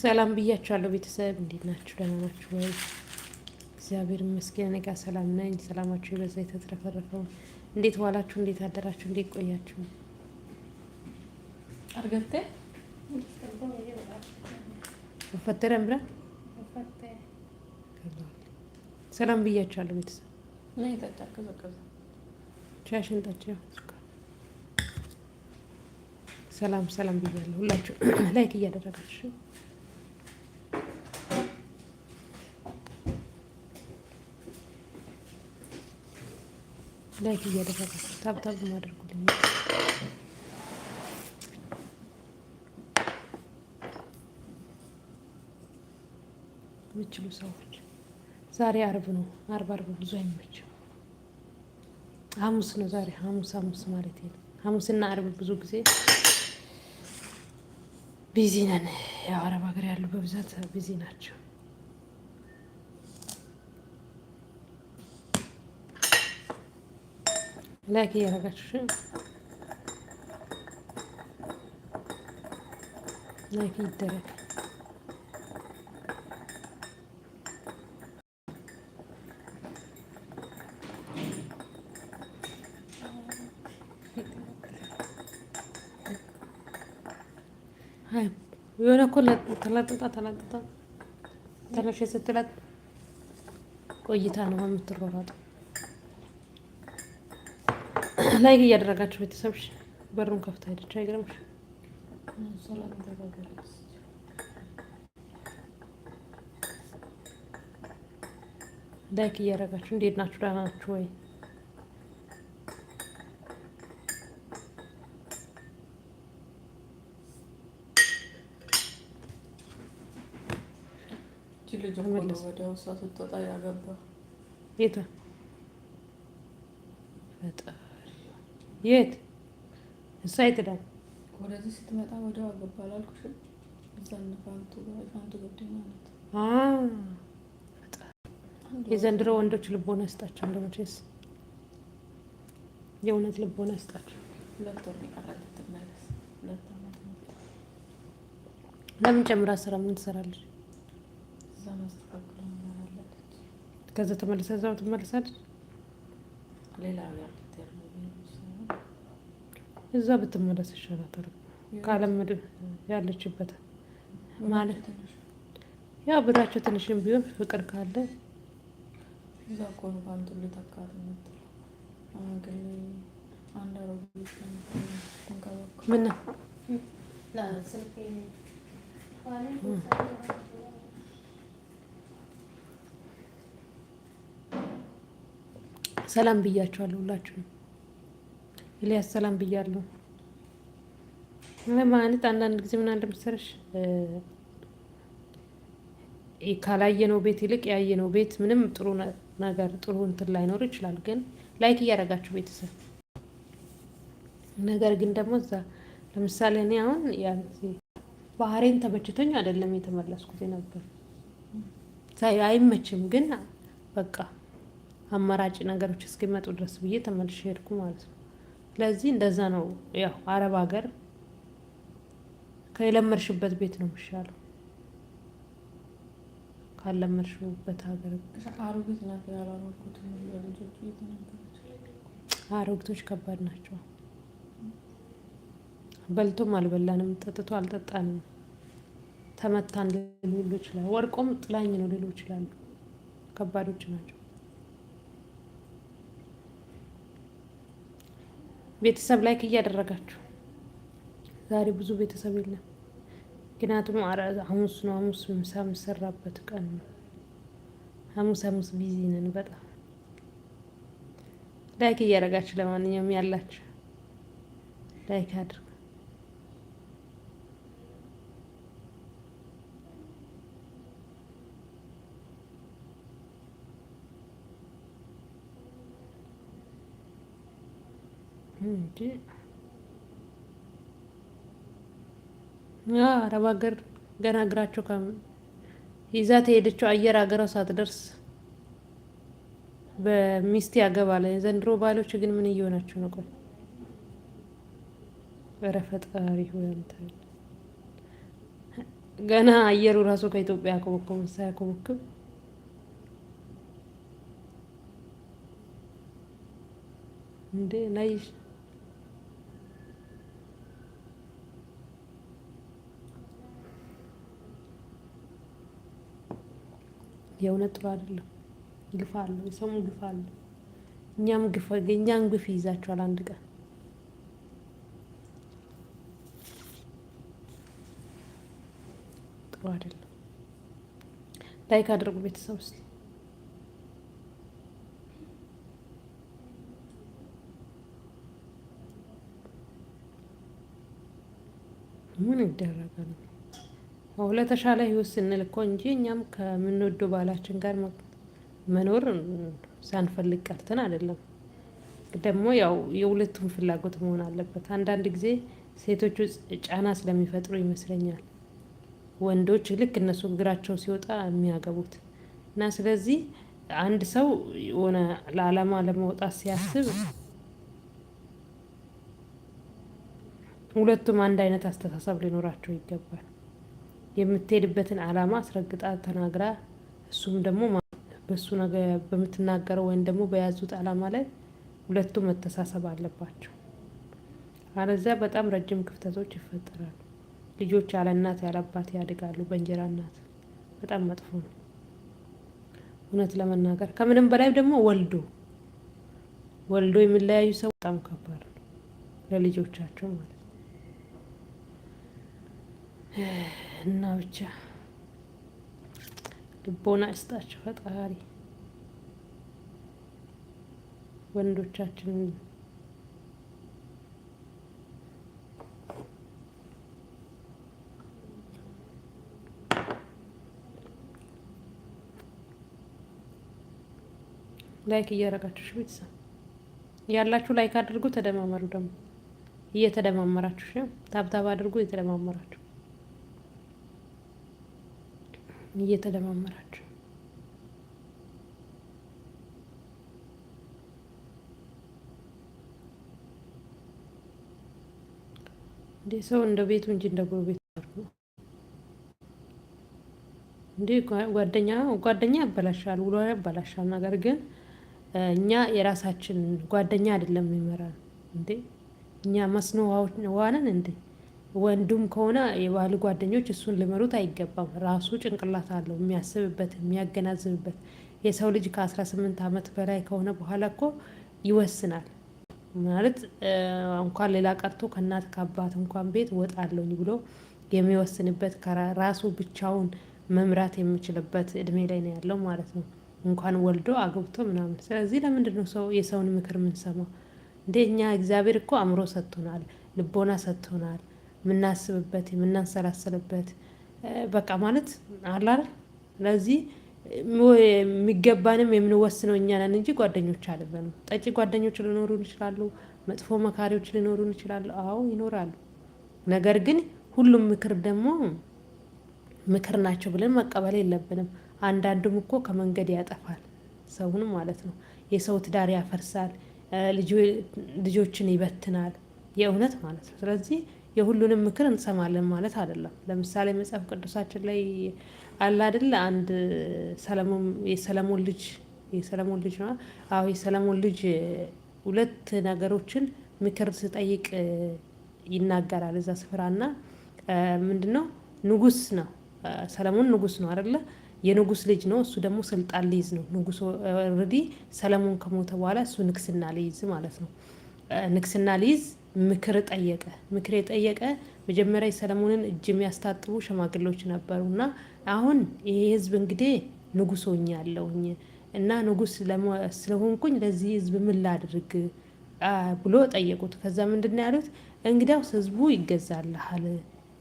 ሰላም ብያችኋለሁ ቤተሰብ፣ እንዴት ናችሁ? ደህና ናችሁ ወይ? እግዚአብሔር ይመስገን እኔ ጋር ሰላም ነኝ። ሰላማችሁ የበዛ የተትረፈረፈው። እንዴት ዋላችሁ? እንዴት አደራችሁ? እንዴት ቆያችሁ? አርገተ ወፈተረ ምራ ሰላም ብያችኋለሁ ቤተሰብ። ነይ ሰላም ሰላም ብያለሁ። ሁላችሁ ላይክ እያደረጋችሁ ላይክ እያደረጋችሁ ታብታብ ማድረጉልኝ የምችሉ ሰዎች ዛሬ አርብ ነው። አርብ አርብ ብዙ አይመችም። ሐሙስ ነው ዛሬ ሐሙስ ሐሙስ ማለት ነው። ሐሙስና አርብ ብዙ ጊዜ ቢዚ ነን። ያው አረብ ሀገር ያሉ በብዛት ቢዚ ናቸው። Lagi arkadaşlar. Lagi giderek. هاي ويونا كلها تلاتة تلاتة تلاتة شيء ستلات ቆይታ ነው የምትሯሯጠው። ላይክ እያደረጋችሁ ቤተሰብሽ በሩን ከፍታ ሄደች። አይገርምሽ? ላይክ እያደረጋችሁ እንዴት ናችሁ? ደህና ናችሁ ወይ? ወዲያው እሷ ስትወጣ ያገባ የት እሷ ይትዳል ወደዚህ ስትመጣ ወደ አገባ አላልኩሽም? እዛ ፋንቱ ገብደኛ ናት። የዘንድሮ ወንዶች ልቦና ስጣቸው። እንደመቼስ የእውነት ልቦና ያስጣቸው። ለምን ጨምራ ስራ ምን ትሰራለች? ከዛ ተመልሰ እዛው ትመልሳለች። ሌላ እዛ ብትመለስ ይሻላታል። ካለምድ ያለችበት ማለት ያ ብላቸው ትንሽም ቢሆን ፍቅር ካለ እዛ እኮ ነው ሰላም ብያቸዋለሁ ሁላችሁም ኤልያስ ሰላም ብያለሁ። ማለት አንዳንድ ጊዜ ምን አለ መሰለሽ ካላየነው ቤት ይልቅ ያየነው ቤት ምንም ጥሩ ነገር ጥሩ እንትን ላይኖር ይችላል። ግን ላይክ እያደረጋችሁ ቤተሰብ ነገር ግን ደግሞ እዛ ለምሳሌ እኔ አሁን ያን ጊዜ ባህሬን ተመችቶኝ አይደለም የተመለስኩት ነበር። አይመችም ግን በቃ አማራጭ ነገሮች እስኪመጡ ድረስ ብዬ ተመልሼ ሄድኩ ማለት ነው። ስለዚህ እንደዛ ነው። ያው አረብ ሀገር ከለመድሽበት ቤት ነው የሚሻለው። ካለመድሽበት ሀገር አሮጊቶች ከባድ ናቸው። በልቶም አልበላንም፣ ጠጥቶ አልጠጣንም፣ ተመታን ሊሉ ይችላል። ወርቆም ጥላኝ ነው ሊሉ ይችላሉ። ከባዶች ናቸው። ቤተሰብ ላይክ እያደረጋችሁ ዛሬ ብዙ ቤተሰብ የለም። ምክንያቱም ሐሙስ ነው። ሐሙስ ምሳ የምሰራበት ቀን ነው። ሐሙስ ሐሙስ ቢዚ ነን በጣም ላይክ እያደረጋችሁ ለማንኛውም ያላችሁ ላይክ አድርጉ። እንጂ አረብ ሀገር ገና እግራቸው ይዛት የሄደችው አየር ሀገሯ ሳትደርስ በሚስት ያገባል። የዘንድሮ ባሎች ግን ምን እየሆናችሁ ነው? ቆይ ኧረ ፈጣሪ ገና አየሩ ራሱ ከኢትዮጵያ ያኮበኮበ ሳያኮበክብ እንዴ ናይሽ የእውነት ጥሩ አይደለም። ግፍ አለው፣ የሰሙ ግፍ አለው። እኛም ግፍ እኛም ግፍ ይይዛቸዋል አንድ ቀን። ጥሩ አይደለም። ላይክ አድርጉ ቤተሰብ ውስጥ ምን ይደረጋል? ለተሻለ ህይወት ስንል እኮ እንጂ እኛም ከምንወደው ባላችን ጋር መኖር ሳንፈልግ ቀርተን አይደለም። ደግሞ ያው የሁለቱም ፍላጎት መሆን አለበት። አንዳንድ ጊዜ ሴቶቹ ጫና ስለሚፈጥሩ ይመስለኛል ወንዶች ልክ እነሱ እግራቸው ሲወጣ የሚያገቡት እና ስለዚህ አንድ ሰው የሆነ ለዓላማ ለመውጣት ሲያስብ ሁለቱም አንድ አይነት አስተሳሰብ ሊኖራቸው ይገባል። የምትሄድበትን አላማ አስረግጣ ተናግራ እሱም ደግሞ በሱ በምትናገረው ወይም ደግሞ በያዙት አላማ ላይ ሁለቱ መተሳሰብ አለባቸው። አለዚያ በጣም ረጅም ክፍተቶች ይፈጠራሉ። ልጆች ያለ እናት ያለ አባት ያድጋሉ። በእንጀራ እናት በጣም መጥፎ ነው እውነት ለመናገር ከምንም በላይ ደግሞ ወልዶ ወልዶ የሚለያዩ ሰው በጣም ከባድ ነው ለልጆቻቸው ማለት ነው። እና ብቻ ልቦና ይስጣችሁ ፈጣሪ ወንዶቻችንን ላይክ እያደረጋችሁ ቤተሰብ ያላችሁ ላይክ አድርጉ። ተደማመሩ ደግሞ እየተደማመራችሁ ታብታብ አድርጉ እየተደማመራችሁ እየተለማመራችሁ እንዴ ሰው እንደ ቤቱ እንጂ እንደ ጎረቤቱ አድርጉ። እንደ ጓደኛ ጓደኛ ያበላሻል፣ ውሎ ያበላሻል። ነገር ግን እኛ የራሳችን ጓደኛ አይደለም የሚመራን እንዴ እኛ መስኖ ዋነን እንዴ ወንዱም ከሆነ የባል ጓደኞች እሱን ልመሩት አይገባም። ራሱ ጭንቅላት አለው የሚያስብበት የሚያገናዝብበት። የሰው ልጅ ከ18 ዓመት በላይ ከሆነ በኋላ እኮ ይወስናል ማለት እንኳን ሌላ ቀርቶ ከእናት ከአባት እንኳን ቤት ወጣለኝ ብሎ የሚወስንበት ራሱ ብቻውን መምራት የሚችልበት እድሜ ላይ ነው ያለው ማለት ነው። እንኳን ወልዶ አግብቶ ምናምን። ስለዚህ ለምንድን ነው ሰው የሰውን ምክር ምንሰማ እንዴ? እኛ እግዚአብሔር እኮ አእምሮ ሰጥቶናል፣ ልቦና ሰጥቶናል የምናስብበት የምናንሰላሰልበት በቃ ማለት አላል። ስለዚህ የሚገባንም የምንወስነው እኛ ነን እንጂ ጓደኞች አይደለም። ጠጪ ጓደኞች ሊኖሩን ይችላሉ፣ መጥፎ መካሪዎች ሊኖሩን ይችላሉ። አዎ ይኖራሉ። ነገር ግን ሁሉም ምክር ደግሞ ምክር ናቸው ብለን መቀበል የለብንም። አንዳንዱም እኮ ከመንገድ ያጠፋል ሰውን ማለት ነው። የሰው ትዳር ያፈርሳል፣ ልጆችን ይበትናል። የእውነት ማለት ነው። ስለዚህ የሁሉንም ምክር እንሰማለን ማለት አይደለም። ለምሳሌ መጽሐፍ ቅዱሳችን ላይ አለ አይደለ? አንድ የሰለሞን ልጅ የሰለሞን ልጅ ነው። አዎ የሰለሞን ልጅ ሁለት ነገሮችን ምክር ስጠይቅ ይናገራል እዛ ስፍራና ምንድን ነው ንጉስ ነው ሰለሞን ንጉስ ነው አይደለ? የንጉስ ልጅ ነው። እሱ ደግሞ ስልጣን ሊይዝ ነው ንጉስ ኦልሬዲ ሰለሞን ከሞተ በኋላ እሱ ንግስና ሊይዝ ማለት ነው ንግስና ሊይዝ ምክር ጠየቀ። ምክር የጠየቀ መጀመሪያ የሰለሞንን እጅ የሚያስታጥቡ ሽማግሌዎች እና አሁን ይሄ ህዝብ እንግዲህ ንጉስ ሆኛለሁኝ እና ንጉስ ስለሆንኩኝ ለዚህ ህዝብ ምን ላድርግ ብሎ ጠየቁት። ከዛ ምንድን ነው ያሉት? እንግዲያውስ ህዝቡ ይገዛልሃል።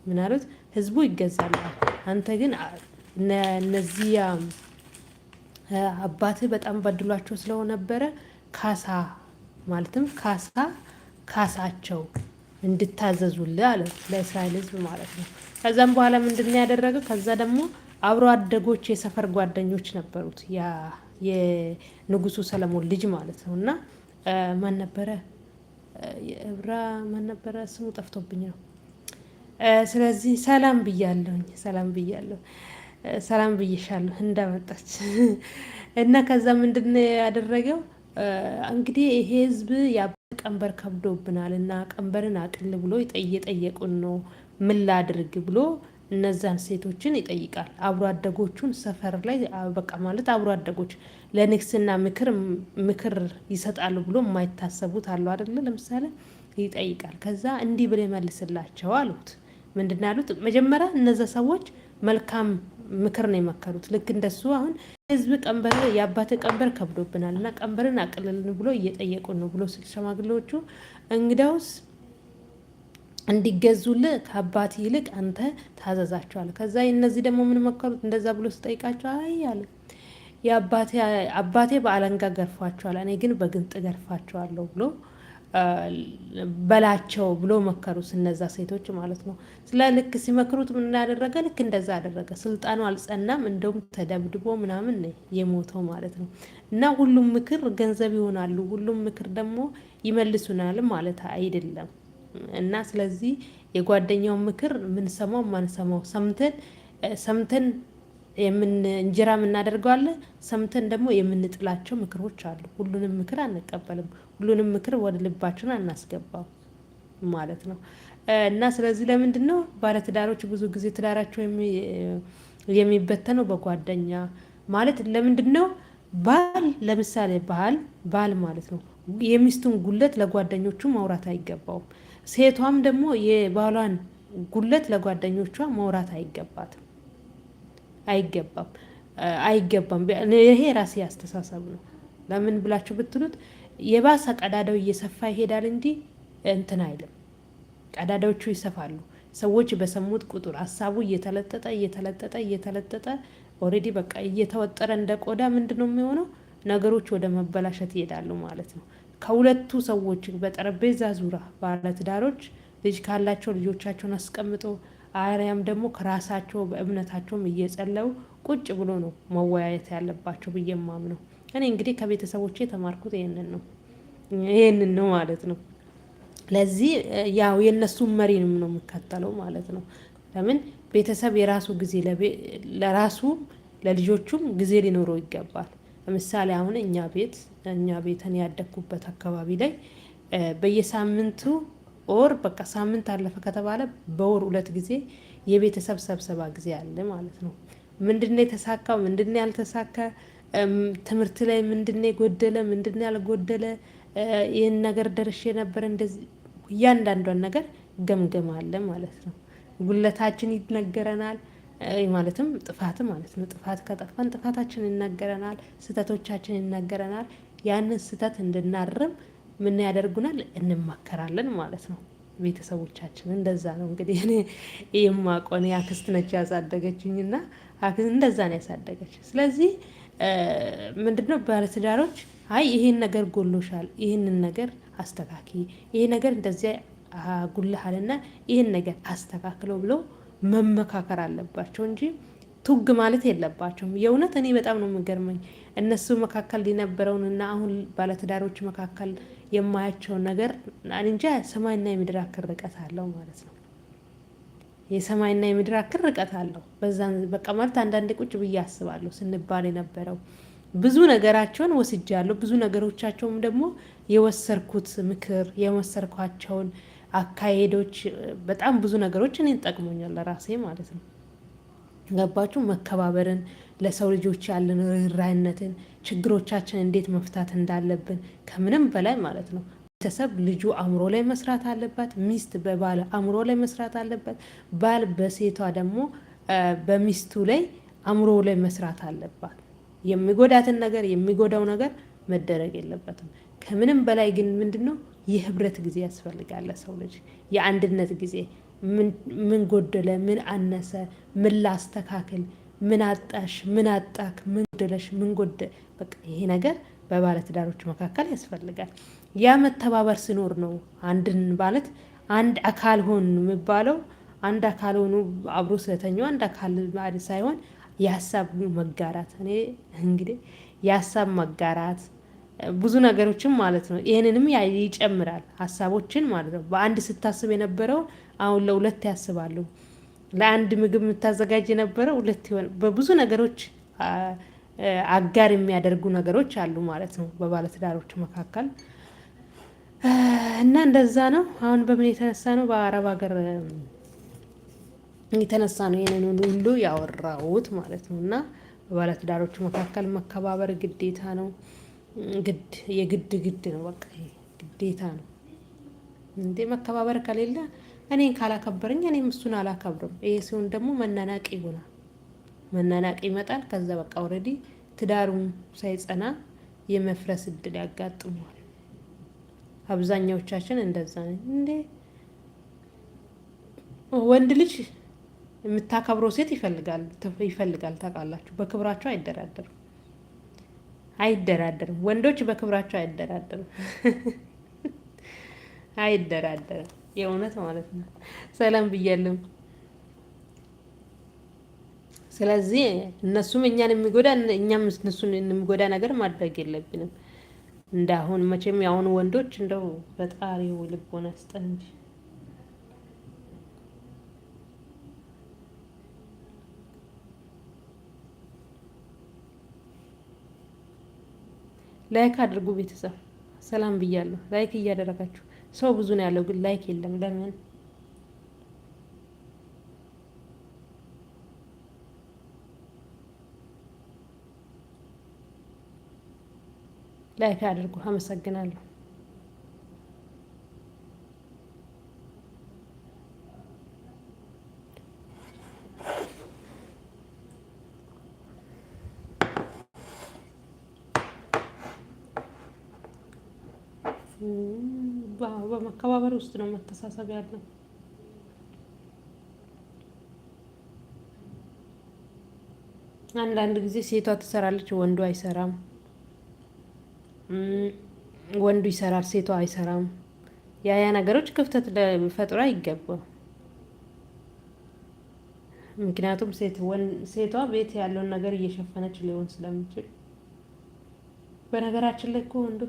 ምን አሉት? ህዝቡ ይገዛልሃል፣ አንተ ግን እነዚያ አባትህ በጣም በድሏቸው ስለሆነበረ ካሳ ማለትም ካሳ ካሳቸው እንድታዘዙል አለ ለእስራኤል ህዝብ ማለት ነው። ከዛም በኋላ ምንድን ያደረገው? ከዛ ደግሞ አብሮ አደጎች የሰፈር ጓደኞች ነበሩት ያ የንጉሱ ሰለሞን ልጅ ማለት ነው። እና ማን ነበረ የእብራ ማን ነበረ ስሙ ጠፍቶብኝ ነው። ስለዚህ ሰላም ብያለሁኝ፣ ሰላም ብያለሁ፣ ሰላም ብይሻለሁ እንዳመጣች እና ከዛ ምንድን ያደረገው እንግዲህ ይሄ ህዝብ ቀንበር ከብዶብናል እና ቀንበርን አቅል ብሎ የጠየቁን ነው ምን ላድርግ ብሎ እነዛን ሴቶችን ይጠይቃል። አብሮ አደጎቹን ሰፈር ላይ በቃ ማለት አብሮ አደጎች ለንግስና ምክር ምክር ይሰጣሉ ብሎ የማይታሰቡት አሉ አደለ? ለምሳሌ ይጠይቃል። ከዛ እንዲህ ብለ መልስላቸው አሉት። ምንድን አሉት? መጀመሪያ እነዛ ሰዎች መልካም ምክር ነው የመከሩት። ልክ እንደሱ አሁን ህዝብ ቀንበር የአባት ቀንበር ከብዶብናል እና ቀንበርን አቅልልን ብሎ እየጠየቁን ነው ብሎ ስል ሸማግሌዎቹ እንግዳውስ እንዲገዙል ከአባት ይልቅ አንተ ታዘዛቸዋል። ከዛ እነዚህ ደግሞ ምን መከሩት? እንደዛ ብሎ ስጠይቃቸው አይ አለ የአባቴ በአለንጋ ገርፏቸዋል፣ እኔ ግን በግንጥ ገርፋቸዋለሁ ብሎ በላቸው ብሎ መከሩስ እነዛ ሴቶች ማለት ነው። ስለ ልክ ሲመክሩት ምን እንዳደረገ ልክ እንደዛ አደረገ። ስልጣኑ አልጸናም፣ እንደውም ተደብድቦ ምናምን የሞተው ማለት ነው። እና ሁሉም ምክር ገንዘብ ይሆናሉ፣ ሁሉም ምክር ደግሞ ይመልሱናል ማለት አይደለም። እና ስለዚህ የጓደኛውን ምክር ምንሰማው ማንሰማው ሰምተን ሰምተን እንጀራ የምናደርገው አለ። ሰምተን ደግሞ የምንጥላቸው ምክሮች አሉ። ሁሉንም ምክር አንቀበልም። ሁሉንም ምክር ወደ ልባችን አናስገባም ማለት ነው። እና ስለዚህ ለምንድን ነው ባለትዳሮች ብዙ ጊዜ ትዳራቸው የሚበተነው? በጓደኛ ማለት ለምንድን ነው? ባል ለምሳሌ ባል ባል ማለት ነው የሚስቱን ጉለት ለጓደኞቹ ማውራት አይገባውም። ሴቷም ደግሞ የባሏን ጉለት ለጓደኞቿ ማውራት አይገባትም። አይገባም አይገባም። ይሄ ራሴ አስተሳሰብ ነው። ለምን ብላችሁ ብትሉት የባሰ ቀዳዳው እየሰፋ ይሄዳል እንጂ እንትን አይልም። ቀዳዳዎቹ ይሰፋሉ። ሰዎች በሰሙት ቁጥር ሀሳቡ እየተለጠጠ እየተለጠጠ እየተለጠጠ ኦልሬዲ በቃ እየተወጠረ እንደ ቆዳ ምንድን ነው የሚሆነው? ነገሮች ወደ መበላሸት ይሄዳሉ ማለት ነው። ከሁለቱ ሰዎች በጠረጴዛ ዙሪያ ባለትዳሮች ልጅ ካላቸው ልጆቻቸውን አስቀምጦ አርያም ደግሞ ከራሳቸው በእምነታቸውም እየጸለዩ ቁጭ ብሎ ነው መወያየት ያለባቸው ብዬ ማምነው። እኔ እንግዲህ ከቤተሰቦቼ የተማርኩት ይህንን ነው ይህንን ነው ማለት ነው። ለዚህ ያው የእነሱን መሪንም ነው የምከተለው ማለት ነው። ለምን ቤተሰብ የራሱ ጊዜ ለራሱ ለልጆቹም ጊዜ ሊኖረው ይገባል። ለምሳሌ አሁን እኛ ቤት እኛ ቤተን ያደግኩበት አካባቢ ላይ በየሳምንቱ ኦር በቃ ሳምንት አለፈ ከተባለ በወር ሁለት ጊዜ የቤተሰብ ሰብሰባ ጊዜ አለ ማለት ነው። ምንድነው የተሳካ ምንድነው ያልተሳካ፣ ትምህርት ላይ ምንድነው የጎደለ ምንድነው ያልጎደለ፣ ይህን ነገር ደርሼ ነበር እንደዚህ፣ እያንዳንዷን ነገር ገምገም አለ ማለት ነው። ጉለታችን ይነገረናል ማለትም ጥፋት ማለት ነው። ጥፋት ከጠፋን ጥፋታችን ይነገረናል፣ ስህተቶቻችን ይነገረናል። ያንን ስህተት እንድናርም ምን ያደርጉናል? እንማከራለን ማለት ነው። ቤተሰቦቻችን እንደዛ ነው እንግዲህ እኔ የማቆን አክስት ነች ያሳደገችኝ እና እንደዛ ነው ያሳደገች። ስለዚህ ምንድነው ባለትዳሮች አይ ይሄን ነገር ጎሎሻል፣ ይህንን ነገር አስተካኪ፣ ይሄ ነገር እንደዚያ አጉልሃልና ይህን ነገር አስተካክለው ብሎ መመካከር አለባቸው እንጂ ቱግ ማለት የለባቸውም። የእውነት እኔ በጣም ነው የሚገርመኝ እነሱ መካከል ሊነበረውንና አሁን ባለትዳሮች መካከል የማያቸውን ነገር እንጃ ሰማይና የምድር አክል ርቀት አለው ማለት ነው። የሰማይና የምድር አክል ርቀት አለው። በዛን በቃ ማለት አንዳንዴ ቁጭ ብዬ አስባለሁ ስንባል የነበረው ብዙ ነገራቸውን ወስጃለሁ። ብዙ ነገሮቻቸውም ደግሞ የወሰርኩት ምክር የወሰርኳቸውን አካሄዶች በጣም ብዙ ነገሮች እኔን ጠቅሞኛል ለራሴ ማለት ነው። ገባችሁ መከባበርን ለሰው ልጆች ያለን ርህራህነትን፣ ችግሮቻችን እንዴት መፍታት እንዳለብን ከምንም በላይ ማለት ነው ቤተሰብ ልጁ አእምሮ ላይ መስራት አለባት። ሚስት በባል አእምሮ ላይ መስራት አለባት። ባል በሴቷ ደግሞ በሚስቱ ላይ አእምሮ ላይ መስራት አለባት። የሚጎዳትን ነገር የሚጎዳው ነገር መደረግ የለበትም። ከምንም በላይ ግን ምንድነው የህብረት ጊዜ ያስፈልጋል ሰው ልጅ የአንድነት ጊዜ ምን ጎደለ፣ ምን አነሰ፣ ምን ላስተካክል ምን አጣሽ፣ ምን አጣክ፣ ምን ጎደለሽ፣ ምን ጎደ በቃ ይሄ ነገር በባለትዳሮች መካከል ያስፈልጋል። ያ መተባበር ሲኖር ነው አንድን ማለት አንድ አካል ሆን የሚባለው አንድ አካል ሆኑ አብሮ ስለተኛው አንድ አካል ሳይሆን የሀሳብ መጋራት እኔ እንግዲህ የሀሳብ መጋራት ብዙ ነገሮችን ማለት ነው። ይህንንም ይጨምራል ሀሳቦችን ማለት ነው። በአንድ ስታስብ የነበረው አሁን ለሁለት ያስባለሁ። ለአንድ ምግብ የምታዘጋጅ የነበረ ሁለት ይሆን። በብዙ ነገሮች አጋር የሚያደርጉ ነገሮች አሉ ማለት ነው በባለትዳሮች መካከል እና እንደዛ ነው። አሁን በምን የተነሳ ነው? በአረብ ሀገር የተነሳ ነው ይህንን ሁሉ ያወራሁት ማለት ነው። እና በባለትዳሮች መካከል መከባበር ግዴታ ነው። ግድ የግድ ግድ ነው። በቃ ግዴታ ነው እንዴ መከባበር ከሌለ እኔን ካላከበረኝ እኔም እሱን አላከብርም። ይሄ ሲሆን ደግሞ መናናቅ ይሆናል። መናናቅ ይመጣል። ከዛ በቃ ኦልሬዲ ትዳሩም ሳይጸና የመፍረስ እድል ያጋጥመዋል። አብዛኛዎቻችን እንደዛ ነኝ እንዴ። ወንድ ልጅ የምታከብረው ሴት ይፈልጋል ይፈልጋል። ታውቃላችሁ፣ በክብራቸው አይደራደርም አይደራደርም። ወንዶች በክብራቸው አይደራደርም አይደራደርም። የእውነት ማለት ነው። ሰላም ብያለሁ። ስለዚህ እነሱም እኛን የሚጎዳ እኛም እነሱን የሚጎዳ ነገር ማድረግ የለብንም። እንዳሁን መቼም የአሁኑ ወንዶች እንደው ፈጣሪው ልቦና ይስጠን እንጂ ላይክ አድርጉ ቤተሰብ። ሰላም ብያለሁ። ላይክ እያደረጋችሁ ሰው ብዙ ነው ያለው፣ ግን ላይክ የለም። ለምን ላይክ አድርጉ። አመሰግናለሁ። በመከባበር ውስጥ ነው መተሳሰብ ያለው። አንዳንድ ጊዜ ሴቷ ትሰራለች፣ ወንዱ አይሰራም። ወንዱ ይሰራል፣ ሴቷ አይሰራም። ያ ያ ነገሮች ክፍተት ለፈጥሮ አይገባም። ምክንያቱም ሴቷ ቤት ያለውን ነገር እየሸፈነች ሊሆን ስለሚችል በነገራችን ላይ እኮ ወንዱ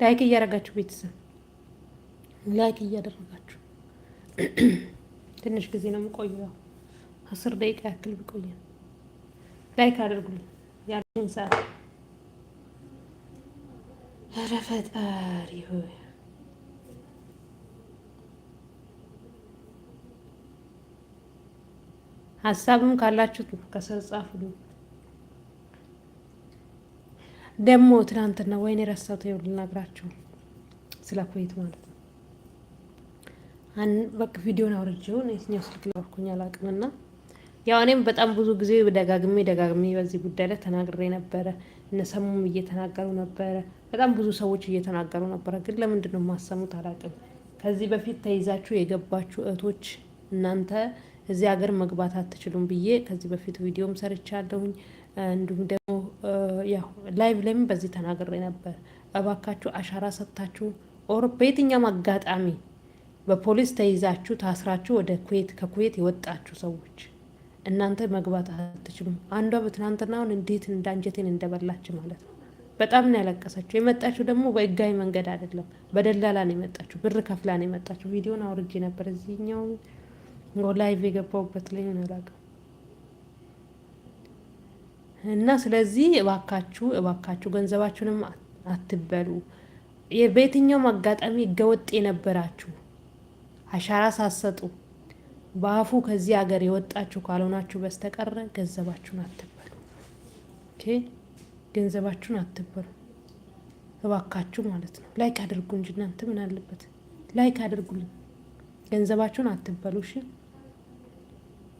ላይክ እያደረጋችሁ ቤተሰብ ላይክ እያደረጋችሁ ትንሽ ጊዜ ነው የምቆየው። አስር ደቂቃ ያክል ብቆየ ላይክ አድርጉልኝ። ያለኝ ሰዓት ኧረ ፈጣሪ ሆይ ሀሳብም ካላችሁት ከስር ጻፉልኝ። ደግሞ ትናንትና ወይን ረሳሁት ልነግራችሁ ስለ ኩዌት ማለት ነው። በቃ ቪዲዮን አውርጄው የትኛው ስልክ ላኩኝ አላውቅምና ያው እኔም በጣም ብዙ ጊዜ ደጋግሜ ደጋግሜ በዚህ ጉዳይ ላይ ተናግሬ ነበረ። እነሰሙም እየተናገሩ ነበረ። በጣም ብዙ ሰዎች እየተናገሩ ነበረ። ግን ለምንድን ነው የማሰሙት አላውቅም። ከዚህ በፊት ተይዛችሁ የገባችሁ እህቶች እናንተ እዚህ ሀገር መግባት አትችሉም ብዬ ከዚህ በፊት ቪዲዮም ሰርቻለሁኝ። እንዲሁም ደግሞ ያው ላይቭ ለምን በዚህ ተናግሬ ነበር። እባካችሁ አሻራ ሰጥታችሁ ኦር በየትኛውም አጋጣሚ በፖሊስ ተይዛችሁ ታስራችሁ ወደ ኩዌት ከኩዌት የወጣችሁ ሰዎች እናንተ መግባት አትችሉም። አንዷ በትናንትናውን እንዴት እንዳንጀቴን እንደበላች ማለት ነው። በጣም ነው ያለቀሰችው። የመጣችሁ ደግሞ በህጋዊ መንገድ አይደለም፣ በደላላ ነው የመጣችሁ፣ ብር ከፍላ ነው የመጣችሁ። ቪዲዮን አውርጄ ነበር እዚህኛው ላይቭ የገባሁበት ላይ ሆነ እና ስለዚህ እባካችሁ እባካችሁ ገንዘባችሁንም አትበሉ። በየትኛውም አጋጣሚ ህገወጥ የነበራችሁ አሻራ ሳሰጡ በአፉ ከዚህ ሀገር የወጣችሁ ካልሆናችሁ በስተቀረ ገንዘባችሁን አትበሉ። ኦኬ ገንዘባችሁን አትበሉ እባካችሁ ማለት ነው። ላይክ አድርጉ እንጂ እናንተ ምን አለበት ላይክ አድርጉልን። ገንዘባችሁን አትበሉ እሺ።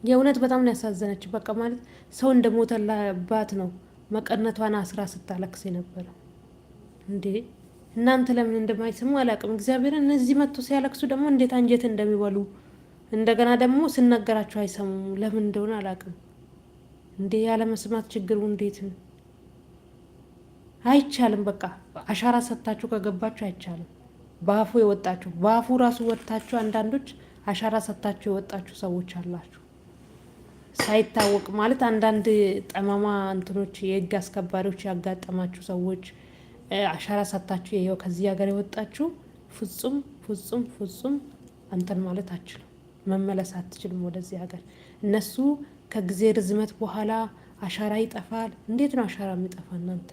የእውነት በጣም ነው ያሳዘነች። በቃ ማለት ሰው እንደ እንደሞተላባት ነው መቀነቷን አስራ ስታለቅስ የነበረው እንዴ። እናንተ ለምን እንደማይሰሙ አላውቅም። እግዚአብሔር እነዚህ መጥቶ ሲያለቅሱ ደግሞ እንዴት አንጀት እንደሚበሉ እንደገና ደግሞ ስነገራቸው አይሰሙም። ለምን እንደሆነ አላውቅም። እንዴ ያለመስማት ችግሩ እንዴት አይቻልም። በቃ አሻራ ሰጥታችሁ ከገባችሁ አይቻልም። በአፉ የወጣችሁ በአፉ ራሱ ወጥታችሁ አንዳንዶች አሻራ ሰጥታችሁ የወጣችሁ ሰዎች አላችሁ። ሳይታወቅ ማለት አንዳንድ ጠማማ እንትኖች የህግ አስከባሪዎች ያጋጠማችሁ ሰዎች አሻራ ሳታችሁ ይኸው ከዚህ ሀገር የወጣችሁ ፍጹም ፍጹም ፍጹም አንተን ማለት አችልም መመለስ አትችልም ወደዚህ ሀገር። እነሱ ከጊዜ ርዝመት በኋላ አሻራ ይጠፋል። እንዴት ነው አሻራ የሚጠፋ? እናንተ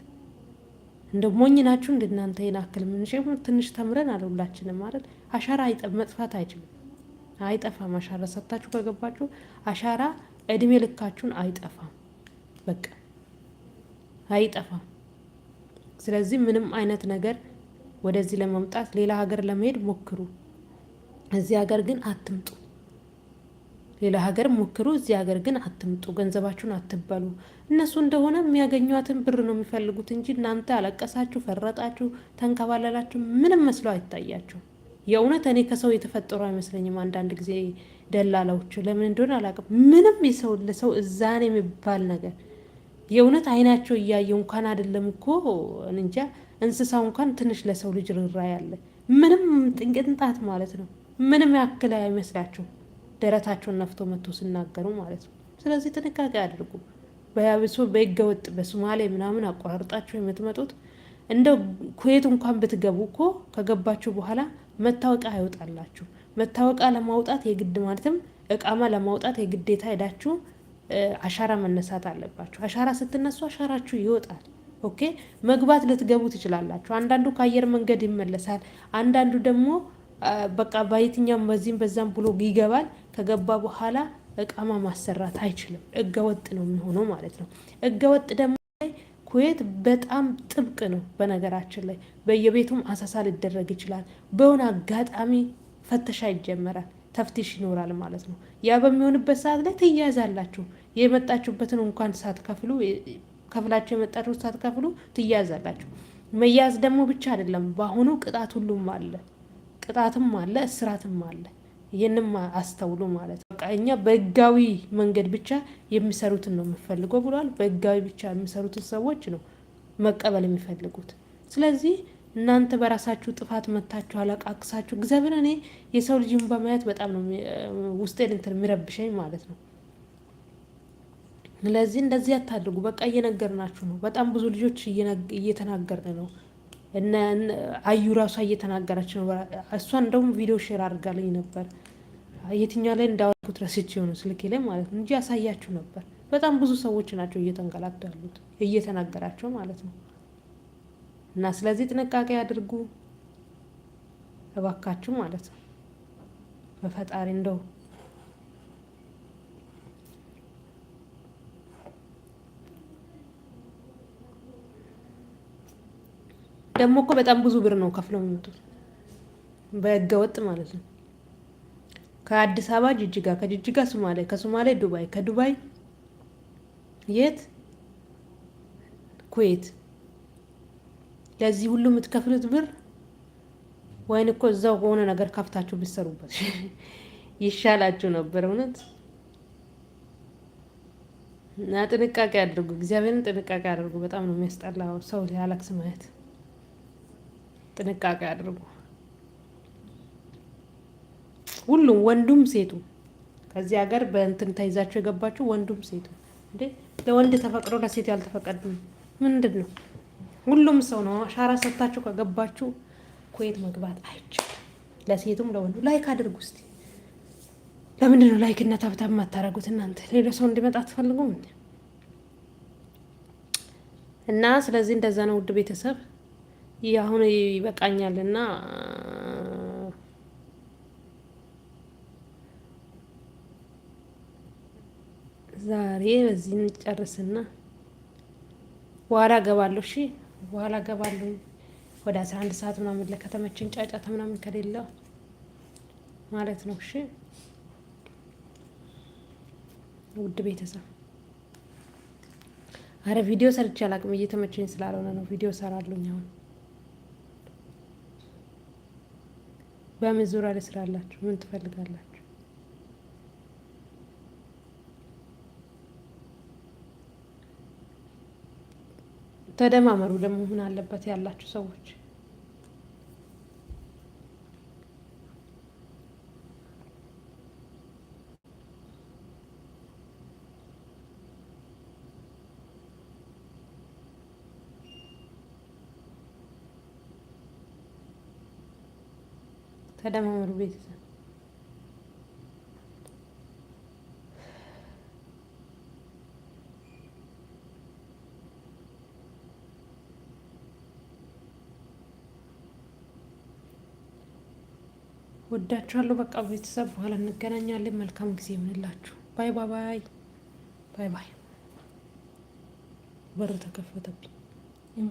እንደ ሞኝ ናችሁ። እንደ እናንተ ይናክል ምንሽ ትንሽ ተምረን አለሁላችንም ማለት አሻራ መጥፋት አይችልም አይጠፋም። አሻራ ሰታችሁ ከገባችሁ አሻራ እድሜ ልካችሁን አይጠፋም፣ በቃ አይጠፋም። ስለዚህ ምንም አይነት ነገር ወደዚህ ለመምጣት ሌላ ሀገር ለመሄድ ሞክሩ፣ እዚህ ሀገር ግን አትምጡ። ሌላ ሀገር ሞክሩ፣ እዚህ ሀገር ግን አትምጡ። ገንዘባችሁን አትበሉ። እነሱ እንደሆነ የሚያገኟትን ብር ነው የሚፈልጉት እንጂ እናንተ አለቀሳችሁ፣ ፈረጣችሁ፣ ተንከባለላችሁ ምንም መስሎ አይታያችሁ። የእውነት እኔ ከሰው የተፈጠሩ አይመስለኝም። አንዳንድ ጊዜ ደላላዎቹ ለምን እንደሆነ አላውቅም። ምንም የሰው ለሰው እዛን የሚባል ነገር የእውነት አይናቸው እያየው እንኳን አይደለም እኮ እንጃ እንስሳው እንኳን ትንሽ ለሰው ልጅ ርራ ያለ ምንም ጥንቅንጣት ማለት ነው። ምንም ያክል አይመስላቸው ደረታቸውን ነፍቶ መጥቶ ሲናገሩ ማለት ነው። ስለዚህ ጥንቃቄ አድርጉ። በያብሶ በህገወጥ በሶማሌ ምናምን አቆራርጣቸው የምትመጡት እንደው ኩዌት እንኳን ብትገቡ እኮ ከገባችሁ በኋላ መታወቂያ አይወጣላችሁ። መታወቂያ ለማውጣት የግድ ማለትም እቃማ ለማውጣት የግዴታ ሄዳችሁ አሻራ መነሳት አለባችሁ። አሻራ ስትነሱ አሻራችሁ ይወጣል። ኦኬ መግባት ልትገቡ ትችላላችሁ። አንዳንዱ ከአየር መንገድ ይመለሳል። አንዳንዱ ደግሞ በቃ በየትኛውም በዚህም በዛም ብሎ ይገባል። ከገባ በኋላ እቃማ ማሰራት አይችልም። ህገወጥ ነው የሚሆነው ማለት ነው። ህገወጥ ደግሞ ኩዌት በጣም ጥብቅ ነው። በነገራችን ላይ በየቤቱም አሰሳ ሊደረግ ይችላል። በሆነ አጋጣሚ ፈተሻ ይጀመራል፣ ተፍቲሽ ይኖራል ማለት ነው። ያ በሚሆንበት ሰዓት ላይ ትያዛላችሁ። የመጣችሁበትን እንኳን ሳትከፍሉ ከፍላችሁ የመጣችሁ ሳትከፍሉ ትያዛላችሁ። መያዝ ደግሞ ብቻ አይደለም፣ በአሁኑ ቅጣት ሁሉም አለ። ቅጣትም አለ፣ እስራትም አለ። ይህንም አስተውሉ ማለት ነው። እኛ በህጋዊ መንገድ ብቻ የሚሰሩትን ነው የምፈልገው ብሏል። በህጋዊ ብቻ የሚሰሩትን ሰዎች ነው መቀበል የሚፈልጉት። ስለዚህ እናንተ በራሳችሁ ጥፋት መታችሁ አለቃቅሳችሁ እግዚአብሔር፣ እኔ የሰው ልጅ በማየት በጣም ነው ውስጤን እንትን የሚረብሸኝ ማለት ነው። ስለዚህ እንደዚህ አታድርጉ። በቃ እየነገርናችሁ ነው። በጣም ብዙ ልጆች እየተናገርን ነው አዩ ራሷ እየተናገረች ነበር። እሷ እንደውም ቪዲዮ ሼር አድርጋልኝ ነበር። የትኛው ላይ እንዳወርኩት ረስቼው ነው ስልኬ ላይ ማለት ነው እንጂ ያሳያችሁ ነበር። በጣም ብዙ ሰዎች ናቸው እየተንገላቱ ያሉት እየተናገራቸው ማለት ነው። እና ስለዚህ ጥንቃቄ አድርጉ እባካችሁ ማለት ነው በፈጣሪ እንደው ደግሞ እኮ በጣም ብዙ ብር ነው ከፍለው የሚመጡት በህገ ወጥ ማለት ነው። ከአዲስ አበባ ጅጅጋ፣ ከጅጅጋ ሱማሌ፣ ከሱማሌ ዱባይ፣ ከዱባይ የት ኩዌት። ለዚህ ሁሉ የምትከፍሉት ብር ወይን እኮ እዛው ከሆነ ነገር ከፍታችሁ ብትሰሩበት ይሻላችሁ ነበር። እውነት እና ጥንቃቄ አድርጉ። እግዚአብሔርን ጥንቃቄ አድርጉ። በጣም ነው የሚያስጠላው ሰው ሊያለቅስ ማየት። ጥንቃቄ አድርጉ። ሁሉም ወንዱም ሴቱ ከዚህ ሀገር በእንትን ተይዛችሁ የገባችሁ ወንዱም ሴቱ እንዴ ለወንድ ተፈቅዶ ለሴት ያልተፈቀድም ምንድን ነው? ሁሉም ሰው ነው። አሻራ ሰጥታችሁ ከገባችሁ ኩዌት መግባት አይቻልም። ለሴቱም ለወንዱ ላይክ አድርጉ እስቲ። ለምንድን ነው ላይክነት ሀብታም የማታደርጉት እናንተ? ሌላ ሰው እንዲመጣ አትፈልጉም እና ስለዚህ እንደዛ ነው ውድ ቤተሰብ ይህ አሁን ይበቃኛል እና ዛሬ በዚህ እንጨርስና በኋላ ገባለሁ። እሺ በኋላ ገባለሁ። ወደ አስራ አንድ ሰዓት ምናምን ለከተመችን ጫጫታ ምናምን ከሌለው ማለት ነው። እሺ ውድ ቤተሰብ አረ ቪዲዮ ሰርቼ አላቅም። እየተመቸኝ ስላልሆነ ነው ቪዲዮ ሰራለሁኝ አሁን በምን ዙሪያ ላይ ስራላችሁ? ምን ትፈልጋላችሁ? ተደማመሩ ደግሞ ምን አለበት ያላችሁ ሰዎች ቀደም ምሩ ቤተሰብ ወዳችኋለሁ። በቃ ቤተሰብ በኋላ እንገናኛለን። መልካም ጊዜ ይሆንላችሁ። ባይ ባባይ ባይ ባይ። በር ተከፈተብኝ።